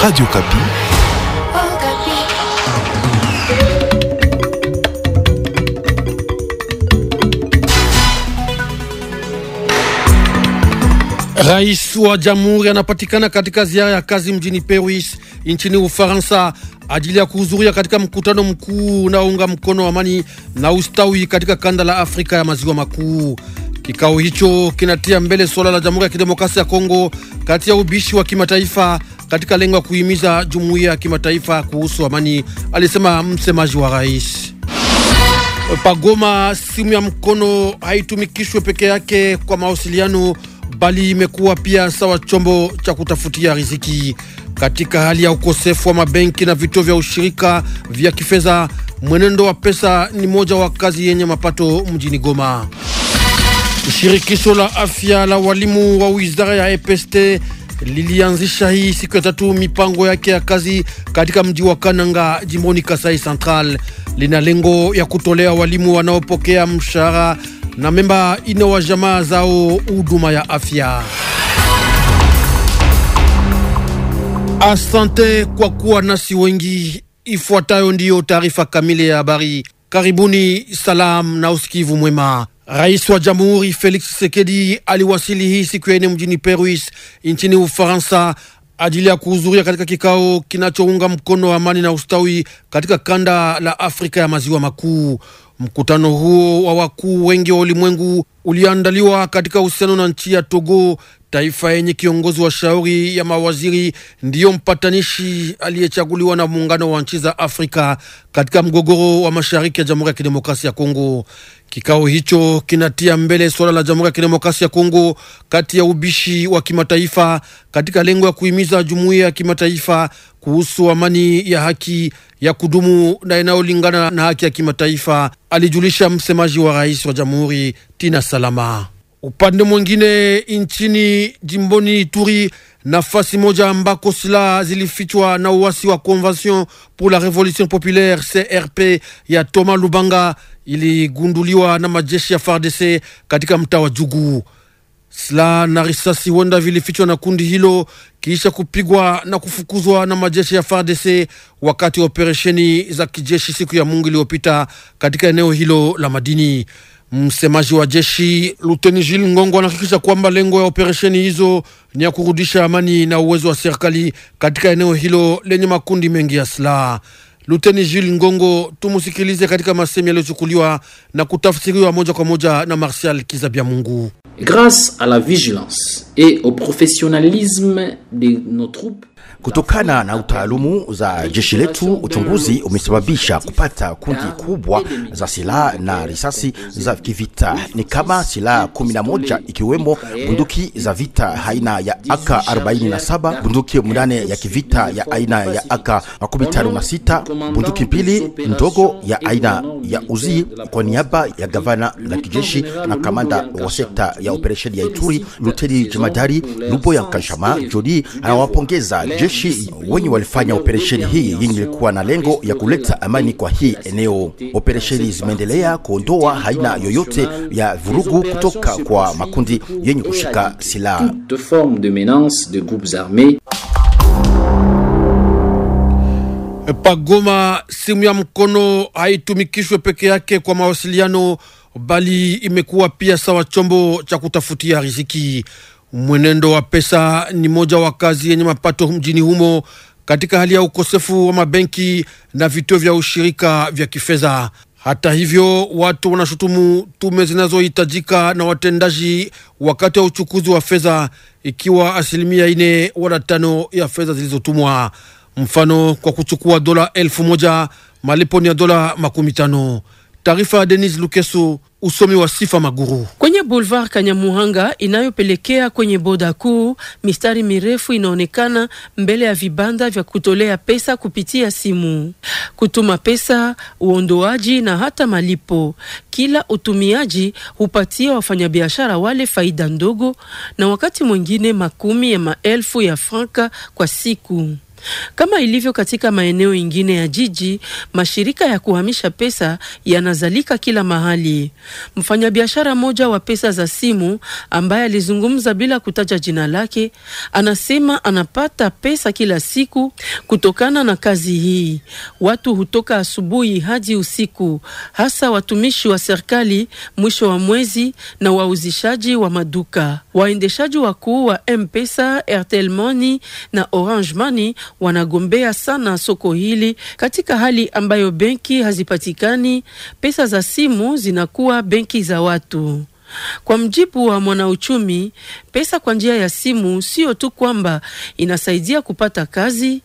Radio Kapi. Rais wa Jamhuri anapatikana katika ziara ya kazi mjini Paris nchini Ufaransa ajili ya kuhudhuria katika mkutano mkuu unaounga mkono amani na ustawi katika kanda la Afrika ya Maziwa Makuu. Kikao hicho kinatia mbele suala la Jamhuri ya Kidemokrasia ya Kongo kati ya ubishi wa kimataifa katika lengo ya kuhimiza jumuiya ya kimataifa kuhusu amani, alisema msemaji wa rais. Pagoma, simu ya mkono haitumikishwe peke yake kwa mawasiliano, bali imekuwa pia sawa chombo cha kutafutia riziki. Katika hali ya ukosefu wa mabenki na vituo vya ushirika vya kifedha, mwenendo wa pesa ni moja wa kazi yenye mapato mjini Goma. Shirikisho la afya la walimu wa wizara ya EPST lilianzisha hii siku ya tatu mipango yake ya kazi katika mji wa Kananga jimboni Kasai Central. Lina lengo ya kutolea walimu wanaopokea mshahara na memba ine wa jamaa zao huduma ya afya. Asante kwa kuwa nasi wengi. Ifuatayo ndiyo taarifa kamili ya habari. Karibuni, salam na usikivu mwema. Rais wa Jamhuri Felix Tshisekedi aliwasili hii siku ya nne mjini Paris nchini Ufaransa ajili ya kuhudhuria katika kikao kinachounga mkono amani na ustawi katika kanda la Afrika ya Maziwa Makuu. Mkutano huo wa wakuu wengi wa ulimwengu uliandaliwa katika uhusiano na nchi ya Togo, taifa yenye kiongozi wa shauri ya mawaziri ndiyo mpatanishi aliyechaguliwa na muungano wa nchi za Afrika katika mgogoro wa mashariki ya Jamhuri ya Kidemokrasia ya Kongo. Kikao hicho kinatia mbele suala la Jamhuri ya Kidemokrasia ya Kongo kati ya ubishi wa kimataifa katika lengo ya kuhimiza jumuiya ya kimataifa kuhusu amani ya haki ya kudumu na inayolingana na haki ya kimataifa, alijulisha msemaji wa rais wa jamhuri Tina Salama. Upande mwingine nchini jimboni Ituri, nafasi moja ambako silaha zilifichwa na uasi wa Convention pour la Revolution Populaire CRP ya Thomas Lubanga iligunduliwa na majeshi ya FARDC katika mtaa wa Jugu. Silaha na risasi huenda vilifichwa na kundi hilo kisha kupigwa na kufukuzwa na majeshi ya FARDC wakati wa operesheni za kijeshi siku ya Mungu iliyopita katika eneo hilo la madini. Msemaji wa jeshi Luteni Jil Ngongo anahakikisha kwamba lengo ya operesheni hizo ni ya kurudisha amani na uwezo wa serikali katika eneo hilo lenye makundi mengi ya silaha. Luteni Jil Ngongo, tumusikilize katika masemi yaliyochukuliwa na kutafsiriwa moja kwa moja na marshal Kizabia Mungu. Grâce à la vigilance et au professionnalisme de nos troupes Kutokana na utaalumu za jeshi letu, uchunguzi umesababisha kupata kundi kubwa za silaha na risasi za kivita, ni kama silaha 11 ikiwemo bunduki za vita aina ya AK47, bunduki mnane ya kivita ya aina ya AK56, bunduki mbili ndogo ya aina ya Uzi kwa niaba ya gavana la kijeshi na kamanda wa sekta ya operesheni ya Ituri, Luteni Jemadari Luboya Nkashama Jodi anawapongeza jeshi Wanajeshi wenye walifanya operesheni hii yenye ilikuwa na lengo ya kuleta amani kwa hii eneo. Operesheni zimeendelea kuondoa aina yoyote ya vurugu kutoka kwa makundi yenye kushika silaha. Pagoma, simu ya mkono haitumikishwe peke yake kwa mawasiliano, bali imekuwa pia sawa chombo cha kutafutia riziki. Mwenendo wa pesa ni moja wa kazi yenye mapato mjini humo katika hali ya ukosefu wa mabenki na vituo vya ushirika vya kifedha. Hata hivyo, watu wanashutumu tume zinazohitajika na watendaji wakati wa uchukuzi wa fedha, ikiwa asilimia ine wala tano ya fedha zilizotumwa. Mfano, kwa kuchukua dola elfu moja malipo ni ya dola makumi tano. Taarifa ya Denis Lukeso, usomi wa Sifa Maguru. Kwenye boulevard Kanyamuhanga inayopelekea kwenye boda kuu, mistari mirefu inaonekana mbele ya vibanda vya kutolea pesa kupitia simu, kutuma pesa, uondoaji na hata malipo. Kila utumiaji hupatia wafanyabiashara wale faida ndogo na wakati mwingine makumi ya maelfu ya franka kwa siku. Kama ilivyo katika maeneo ingine ya jiji, mashirika ya kuhamisha pesa yanazalika kila mahali. Mfanyabiashara mmoja wa pesa za simu ambaye alizungumza bila kutaja jina lake, anasema anapata pesa kila siku kutokana na kazi hii. Watu hutoka asubuhi hadi usiku, hasa watumishi wa serikali mwisho wa mwezi na wauzishaji wa maduka. Waendeshaji wakuu wa M-Pesa, Airtel Money na Orange Money wanagombea sana soko hili katika hali ambayo benki hazipatikani, pesa za simu zinakuwa benki za watu. Kwa mjibu wa mwanauchumi, pesa kwa njia ya simu sio tu kwamba inasaidia kupata kazi,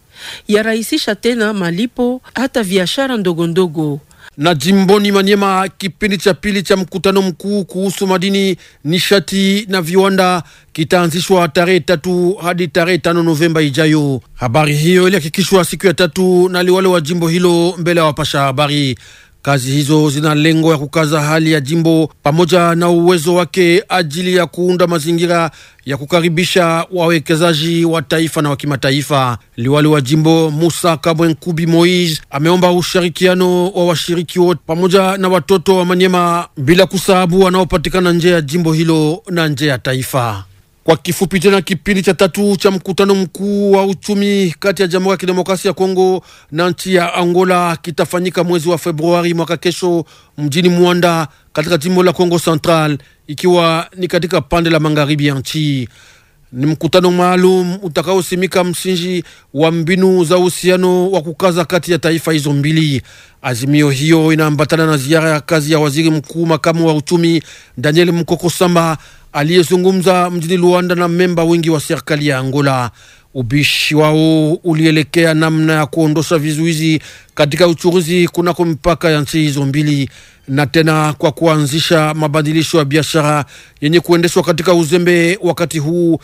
yarahisisha tena malipo, hata biashara ndogo ndogo. Na jimboni Manyema, kipindi cha pili cha mkutano mkuu kuhusu madini, nishati na viwanda kitaanzishwa tarehe tatu hadi tarehe tano Novemba ijayo. Habari hiyo ilihakikishwa siku ya tatu na liwale wa jimbo hilo mbele ya wapasha habari. Kazi hizo zina lengo ya kukaza hali ya jimbo pamoja na uwezo wake ajili ya kuunda mazingira ya kukaribisha wawekezaji wa taifa na wa kimataifa. Liwali wa jimbo Musa Nkubi Moise ameomba ushirikiano wa washiriki wote pamoja na watoto wa Manyema bila kusahabu wanaopatikana nje ya jimbo hilo na nje ya taifa. Kwa kifupi tena, kipindi cha tatu cha mkutano mkuu wa uchumi kati ya Jamhuri ya Kidemokrasia ya Kongo na nchi ya Angola kitafanyika mwezi wa Februari mwaka kesho mjini Mwanda katika jimbo la Kongo Central, ikiwa ni katika pande la magharibi ya nchi. Ni mkutano maalum utakaosimika msingi wa mbinu za uhusiano wa kukaza kati ya taifa hizo mbili. Azimio hiyo inaambatana na ziara ya kazi ya waziri mkuu makamu wa uchumi Daniel Mkoko Samba aliyezungumza mjini Luanda na memba wengi wa serikali ya Angola. Ubishi wao ulielekea namna ya kuondosha vizuizi katika uchuruzi kunako mipaka ya nchi hizo mbili, na tena kwa kuanzisha mabadilisho ya biashara yenye kuendeshwa katika uzembe wakati huu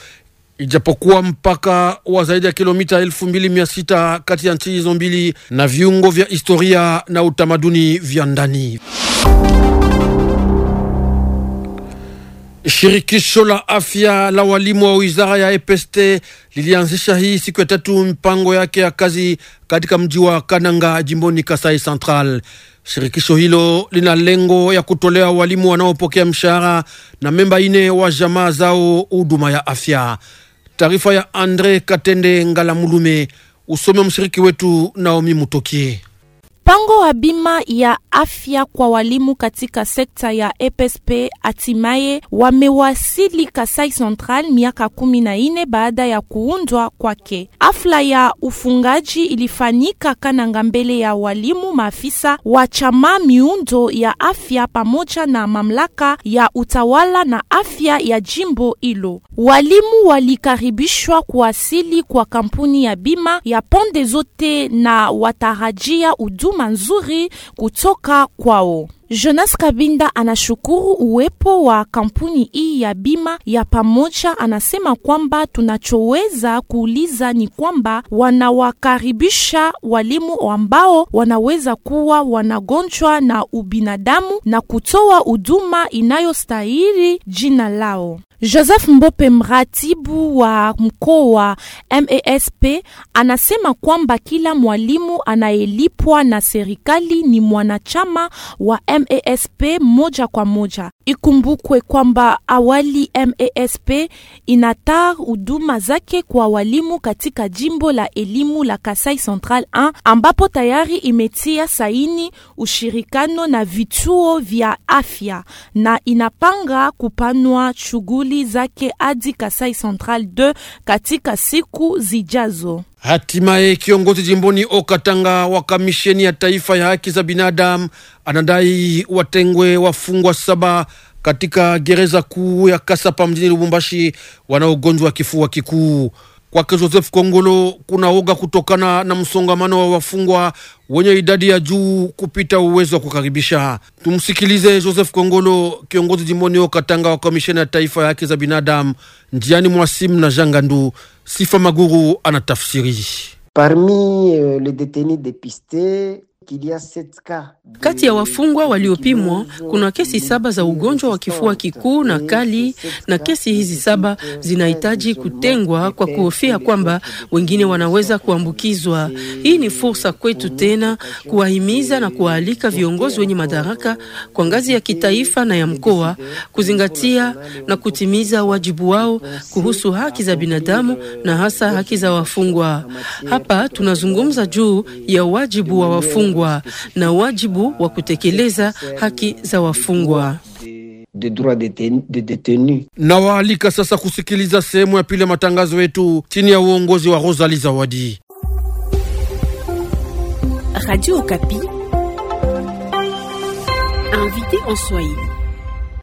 ijapokuwa mpaka wa zaidi ya kilomita elfu mbili mia sita kati ya nchi hizo mbili na viungo vya historia na utamaduni vya ndani. Shirikisho la afya la walimu wa wizara ya EPST lilianzisha hii siku ya tatu mpango yake ya kazi katika mji wa Kananga jimboni Kasai Central. Shirikisho hilo lina lengo ya kutolea walimu wanaopokea mshahara na memba ine wa jamaa zao huduma ya afya. Taarifa ya Andre Katende Ngalamulume, usome mshiriki wetu Naomi Mutokie. Mpango wa bima ya afya kwa walimu katika sekta ya EPSP hatimaye wamewasili Kasai Central miaka kumi na ine baada ya kuundwa kwake. Afla ya ufungaji ilifanyika Kananga mbele ya walimu, maafisa wa chama, miundo ya afya pamoja na mamlaka ya utawala na afya ya jimbo hilo. Walimu walikaribishwa kuasili kwa kampuni ya bima ya pande zote na watarajia huduma heshima nzuri kutoka kwao. Jonas Kabinda anashukuru uwepo wa kampuni hii ya bima ya pamoja. Anasema kwamba tunachoweza kuuliza ni kwamba wanawakaribisha walimu ambao wanaweza kuwa wanagonjwa na ubinadamu na kutoa huduma inayostahili jina lao. Joseph Mbope, mratibu wa mkoa MASP, anasema kwamba kila mwalimu anayelipwa na serikali ni mwanachama wa MASP moja kwa moja. Ikumbukwe kwamba awali MASP inataa huduma zake kwa walimu katika jimbo la elimu la Kasai Central 1 ambapo tayari imetia saini ushirikano na vituo vya afya na inapanga kupanua shughuli shughuli zake hadi Kasai Central 2 katika siku zijazo. Hatimaye kiongozi jimboni Okatanga wa kamisheni ya taifa ya haki za binadamu anadai watengwe wafungwa saba katika gereza kuu ya Kasapa mjini Lubumbashi wanaogonjwa kifua kikuu. Kwake Joseph Kongolo kuna uga kutokana na msongamano wa wafungwa wenye idadi ya juu kupita uwezo wa kukaribisha. Tumsikilize Joseph Kongolo, kiongozi jimboni Katanga wa komisheni ya taifa ya haki za binadamu, njiani mwasimu na Jangandu. Sifa Maguru anatafsiri. Parmi euh, les détenus dépistés kati ya wafungwa waliopimwa kuna kesi saba za ugonjwa wa kifua kikuu na kali, na kesi hizi saba zinahitaji kutengwa kwa kuhofia kwamba wengine wanaweza kuambukizwa. Hii ni fursa kwetu tena kuwahimiza na kuwaalika viongozi wenye madaraka kwa ngazi ya kitaifa na ya mkoa kuzingatia na kutimiza wajibu wao kuhusu haki za binadamu na hasa haki za wafungwa. Hapa tunazungumza juu ya wajibu wa wafungwa wafungwa na wajibu wa kutekeleza haki za wafungwa. De de de na waalika sasa kusikiliza sehemu ya pili ya matangazo yetu chini ya uongozi wa Rosali Zawadi. Radio Okapi invité en Swahili.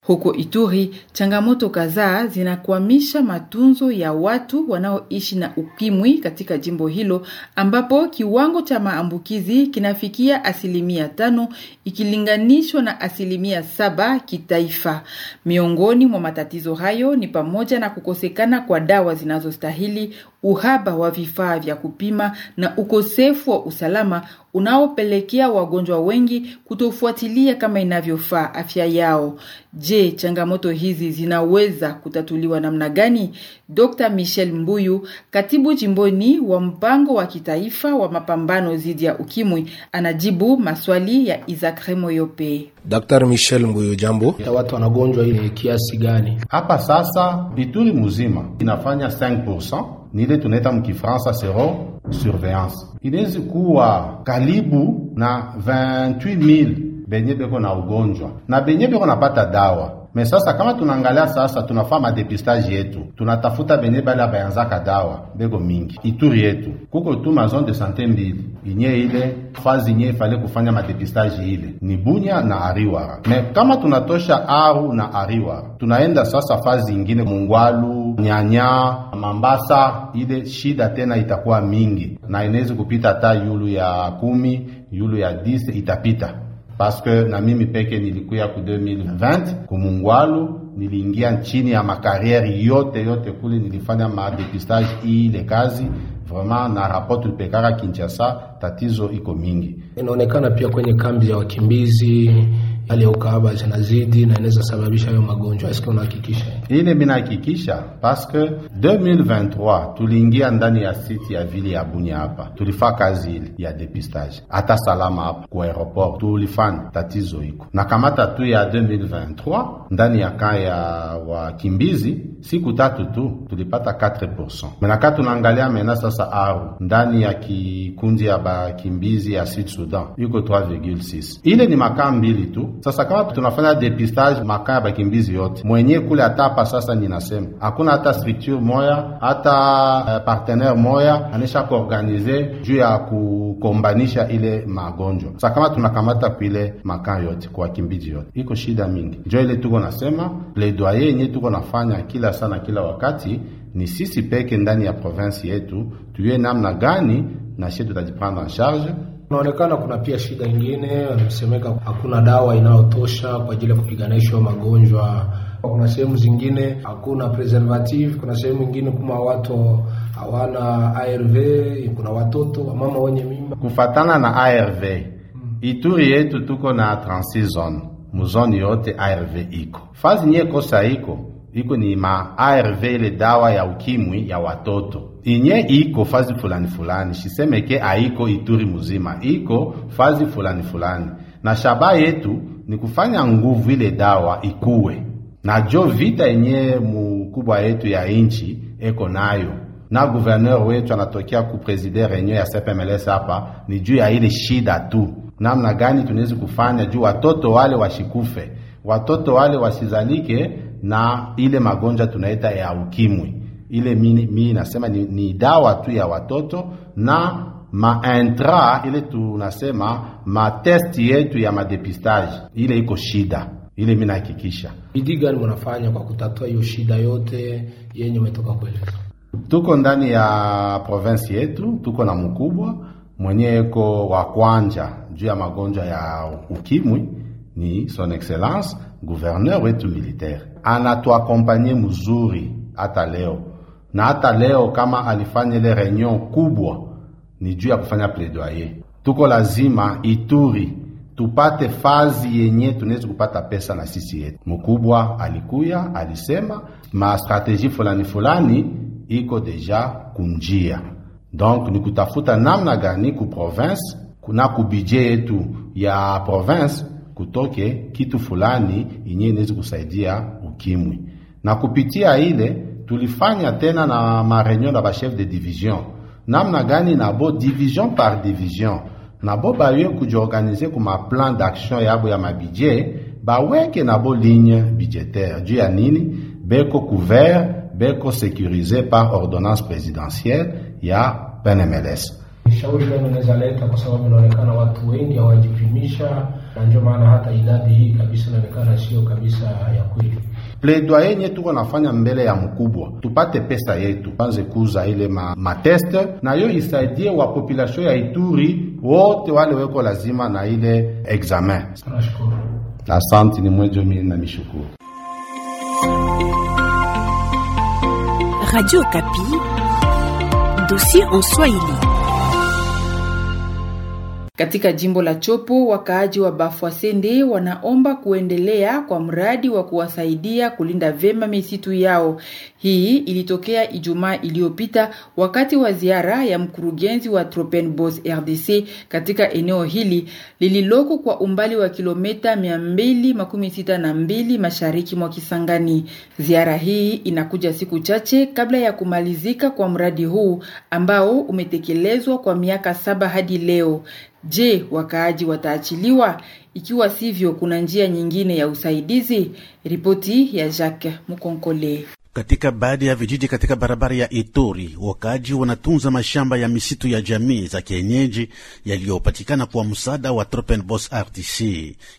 Huko Ituri, changamoto kadhaa zinakwamisha matunzo ya watu wanaoishi na ukimwi katika jimbo hilo ambapo kiwango cha maambukizi kinafikia asilimia tano ikilinganishwa na asilimia saba kitaifa. Miongoni mwa matatizo hayo ni pamoja na kukosekana kwa dawa zinazostahili, uhaba wa vifaa vya kupima na ukosefu wa usalama unaopelekea wagonjwa wengi kutofuatilia kama inavyofaa afya yao. Je, changamoto hizi zinaweza kutatuliwa namna gani? Dr. Michel Mbuyu, katibu jimboni wa mpango wa kitaifa wa mapambano dhidi ya ukimwi, anajibu maswali ya Isaac Remoyope. Dr. Michel Mbuyu, jambo. Watu wanagonjwa ile kiasi gani? Hapa sasa Bituri mzima inafanya 5% Nile tunaita mkifransa sero surveillance. Inawezi kuwa kalibu na 28000 benye beko na ugonjwa na benye beko napata dawa Me sasa kama tunaangalia sasa, tunafaa madepistage yetu, tunatafuta benye bale bayanzaka dawa beko mingi. Ituri yetu kuko tu mazone de sante mbili inye ile fazi inye ifale kufanya madepistage ile ni Bunya na Ariwara. Me kama tunatosha Aru na Ariwara, tunaenda sasa fazi ingine Mungwalu, Nyanya, Mambasa, ile shida tena itakuwa mingi na inawezi kupita hata yulu ya kumi, yulu ya dise itapita parce que na mimi peke nilikuya ku 2020 kumungwalu niliingia chini ya makariere yote yote kule, nilifanya madepistage ile kazi vraiment na rapport tulipekaka Kinshasa, tatizo iko mingi, inaonekana pia kwenye kambi ya wakimbizi hali ya ukaaba zinazidi na inaweza sababisha hayo magonjwa. Eske unahakikisha ile? Mimi nahakikisha paske 2023 tuliingia ndani ya siti ya vili ya Bunya, hapa tulifaa kazi ile ya depistage, hata salama hapa kwa aeroport tulifana tatizo iko na kamata tu ya 2023 ndani ya kaya wakimbizi siku tatu tu tulipata 4% menaka, tunaangalia mena sasa au ndani ya kikundi ya bakimbizi ya Sud Sudan iko 3,6. Ile ni makaa mbili tu sasa kama tunafanya depistage maka ya bakimbizi yote mwenye kule, atapa sasa ninasema hakuna hata structure moya hata uh, partenaire moya anisha kuorganize juu ya kukombanisha ile magonjwa. Sasa kama tunakamata kuile maka yote kwa wakimbizi yote, iko shida mingi, njo ile tuko nasema plaidoyer yenye tuko nafanya kila sana kila wakati ni sisi peke ndani ya province yetu, tuye namna gani na shie tutajipanda en charge Kunaonekana kuna pia shida ingine, wanasemeka hakuna dawa inayotosha kwa ajili ya kupiganisha magonjwa. Kuna sehemu zingine hakuna preservative, kuna sehemu ingine kuma watu hawana ARV, kuna watoto wamama wenye mimba. Kufatana na ARV, hmm. Ituri yetu tuko na transit zone, muzoni yote ARV iko fazi nye kosa iko iko ni ma ARV ile dawa ya ukimwi ya watoto inye iko fazi fulani fulani, shisemeke aiko Ituri muzima, iko fazi fulani fulani, na shaba yetu ni kufanya nguvu ile dawa ikuwe na jo vita yenye mkubwa yetu ya inchi eko nayo na gouverneur wetu anatokea ku president reunion ya CPMLS hapa, ni juu ya ile shida tu, namna gani tunaweza kufanya juu watoto wale washikufe, watoto wale wasizalike na ile magonjwa tunaita ya ukimwi ile mimi mi nasema ni, ni dawa tu ya watoto na maintra ile tunasema matesti yetu ya madepistage ile iko shida ile mimi nahakikisha. bidi gani mnafanya kwa kutatua hiyo shida yote yenye umetoka kueleza? Tuko ndani ya province yetu, tuko na mkubwa mwenye eko wa kwanja juu ya magonjwa ya ukimwi, ni son excellence gouverneur wetu militaire, anatuakompanye mzuri hata leo na hata leo kama alifanya ile reunion kubwa, ni juu ya kufanya plaidoyer. Tuko lazima Ituri tupate fazi yenye tunaweza kupata pesa na sisi yetu. Mkubwa alikuya alisema ma strategie fulani fulani iko deja kunjia, donc ni kutafuta namna gani ku province kuna ku budget yetu ya province kutoke kitu fulani yenye inaweza kusaidia ukimwi na kupitia ile tulifanya tena na mareunion na bashef de division namna gani nabo division par division nabo baye kujiorganize ku plan d'action yabo ya mabidje baweke nabo ligne budgétaire juu ya nini beko couvert beko sécurisé par ordonnance présidentielle ya PNMLS. Shauri gani nezaleta kwa sababu inaonekana watu wengi hawajipimisha, na ndio maana hata idadi hii kabisa inaonekana sio kabisa ya kweli. pledoye nye tuko nafanya mbele ya mkubwa, tupate pesa yetu, tuanze kuza ile ma, na yo isaidie wa population ya Ituri wote wale weko lazima na ile examen. Asante, ni mwejo mimi na mishukuru. Radio Kapi, dossier en Swahili. Katika jimbo la Chopo, wakaaji wa Bafwasende wanaomba kuendelea kwa mradi wa kuwasaidia kulinda vema misitu yao. Hii ilitokea Ijumaa iliyopita wakati wa ziara ya mkurugenzi wa Tropenbos RDC katika eneo hili lililoko kwa umbali wa kilomita 262 mashariki mwa Kisangani. Ziara hii inakuja siku chache kabla ya kumalizika kwa mradi huu ambao umetekelezwa kwa miaka saba hadi leo. Je, wakaaji wataachiliwa? Ikiwa sivyo, kuna njia nyingine ya usaidizi? Ripoti ya Jacques Mukonkole. Katika baadhi ya vijiji katika barabara ya Ituri, wakaaji wanatunza mashamba ya misitu ya jamii za kienyeji yaliyopatikana kwa msaada wa Tropenbos RTC.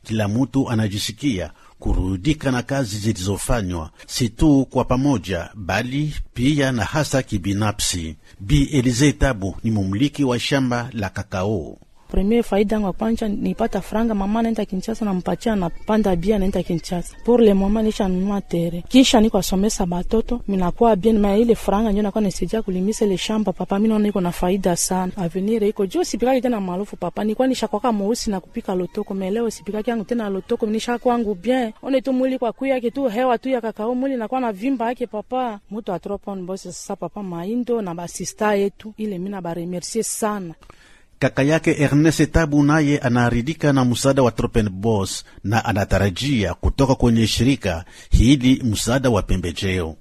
Kila mtu anajisikia kurudika na kazi zilizofanywa si tu kwa pamoja, bali pia na hasa kibinafsi. Bi Elize Tabu ni mumliki wa shamba la kakao premier faida yangu kwanza nipata franga, mama naenda Kinshasa nampatia na panda bia naenda Kinshasa. Pour le moment nisha nunua tere. Kisha niko somesa batoto, minakuwa bien ma ile franga ndio nakuwa nisaidia kulimisa ile shamba papa, mimi naona iko na faida sana. Avenir iko juu sipikaki tena maarufu papa. Nilikuwa nishakwaka mweusi na kupika lotoko, meleo sipikaki yangu tena lotoko nisha kwangu bien. One tu mwili kwa kuya kitu hewa tu ya kakao mwili nakuwa na vimba yake papa. Mtu atropon boss sasa papa maindo na basista yetu ile mimi na baremercier sana. Kaka yake Ernest Tabu naye anaaridika na msaada wa tropen bos na anatarajia kutoka kwenye shirika hili msaada wa pembejeo.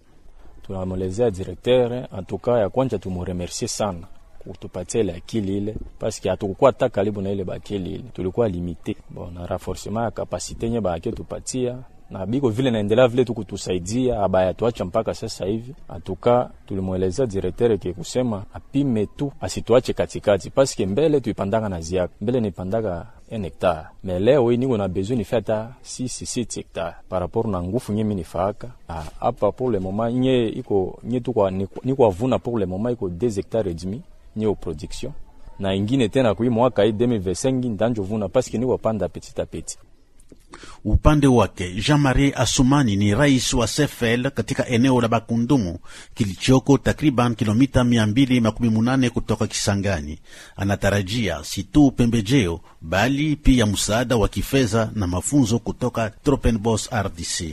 Tunamwelezea direkteur antuka ya kwanja, tumuremersie sana kutupatia ile akili ile, paske hatukukuwa hata karibu na ile bakili ile, tulikuwa limite bon na renforcement ya kapasite nye baake tupatia na biko vile naendelea vile tu kutusaidia, abaya tuacha mpaka sasa hivi. Atuka tulimweleza directeur ke kusema apime tu asituache katikati, paske mbele tuipandaka na ziaka mbele nipandaka en hectare me leo hii niko na besoin nifia hata sisi siti hectare par rapport na ngufu ni minifaaka hapa pour le moment nye iko nye tu kwa ni kwa vuna pour le moment iko 2 hectares et demi nye au production na ingine tena kui mwaka hii 2025 ndanjo vuna paske niko panda petit à petit Upande wake Jean-Marie Asumani ni rais wa Sefel katika eneo la Bakundumu kilichoko takriban kilomita 218 kutoka Kisangani. Anatarajia si tu pembejeo bali pia msaada wa kifedha na mafunzo kutoka Tropenbos RDC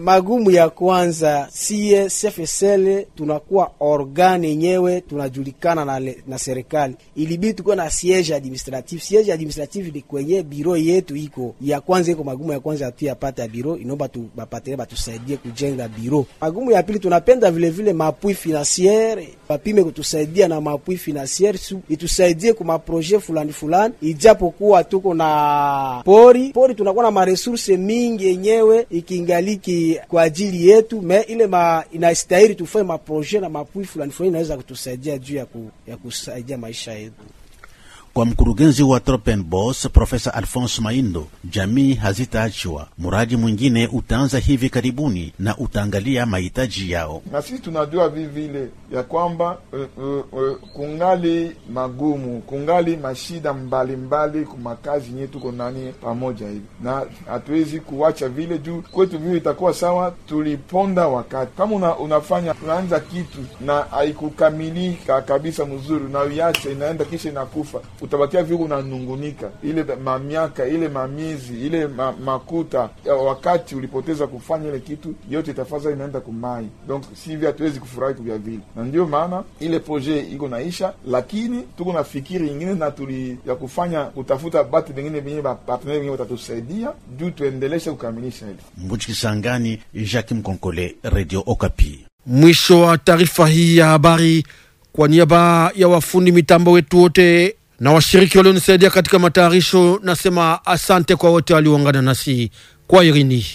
magumu ya kwanza, siye CFSL tunakuwa organe yenyewe tunajulikana na, le, na serikali. Ilibidi tukuwe na siege administratif. Siege administratif ni kwenye biro yetu iko ya kwanza, iko magumu ya kwanza yapata biro, inomba tu bapatele batusaidie kujenga biro. Magumu ya pili tunapenda vilevile vile mapui financiere wapime kutusaidia na mapui financiere su, itusaidie kwa projet fulani fulani, ijapokuwa tuko na pori pori tunakuwa na maresurse mingi yenyewe ikiingaliki kwa ajili yetu, me ile ma inastahili tufanye maproje na mapui fulani fulani inaweza kutusaidia juu ya, ku, ya kusaidia maisha yetu. Kwa mkurugenzi wa Tropenbos Profesa Alphonse Maindo, jamii hazitaachwa, Mradi mwingine utaanza hivi karibuni na utaangalia mahitaji yao. Na sisi tunajua vivile ya kwamba uh, uh, uh, kungali magumu, kungali mashida mbalimbali makazi nye tuko nani pamoja hivi, na hatuwezi kuwacha vile juu kwetu vile itakuwa sawa, tuliponda wakati kama una, unafanya unaanza kitu na haikukamilika kabisa mzuri, unaiacha inaenda kisha inakufa utabakia viku unanungunika, ile mamiaka ile mamizi ile ma, makuta wakati ulipoteza kufanya ile kitu yote, tafadhali inaenda kumai. Donc sivyo hatuwezi kufurahi kuvya vile, na ndio maana ile proje iko naisha, lakini tuko na fikiri ingine na tuli ya kufanya kutafuta batu bengine benye bapartenere benye watatusaidia juu tuendeleshe kukamilisha ile mbuchikisangani. Jacques Mkonkole, Radio Okapi. Mwisho wa taarifa hii ya habari, kwa niaba ya wafundi mitambo wetu wote na washiriki walionisaidia katika matayarisho. Nasema asante kwa wote walioungana nasi kwa irini.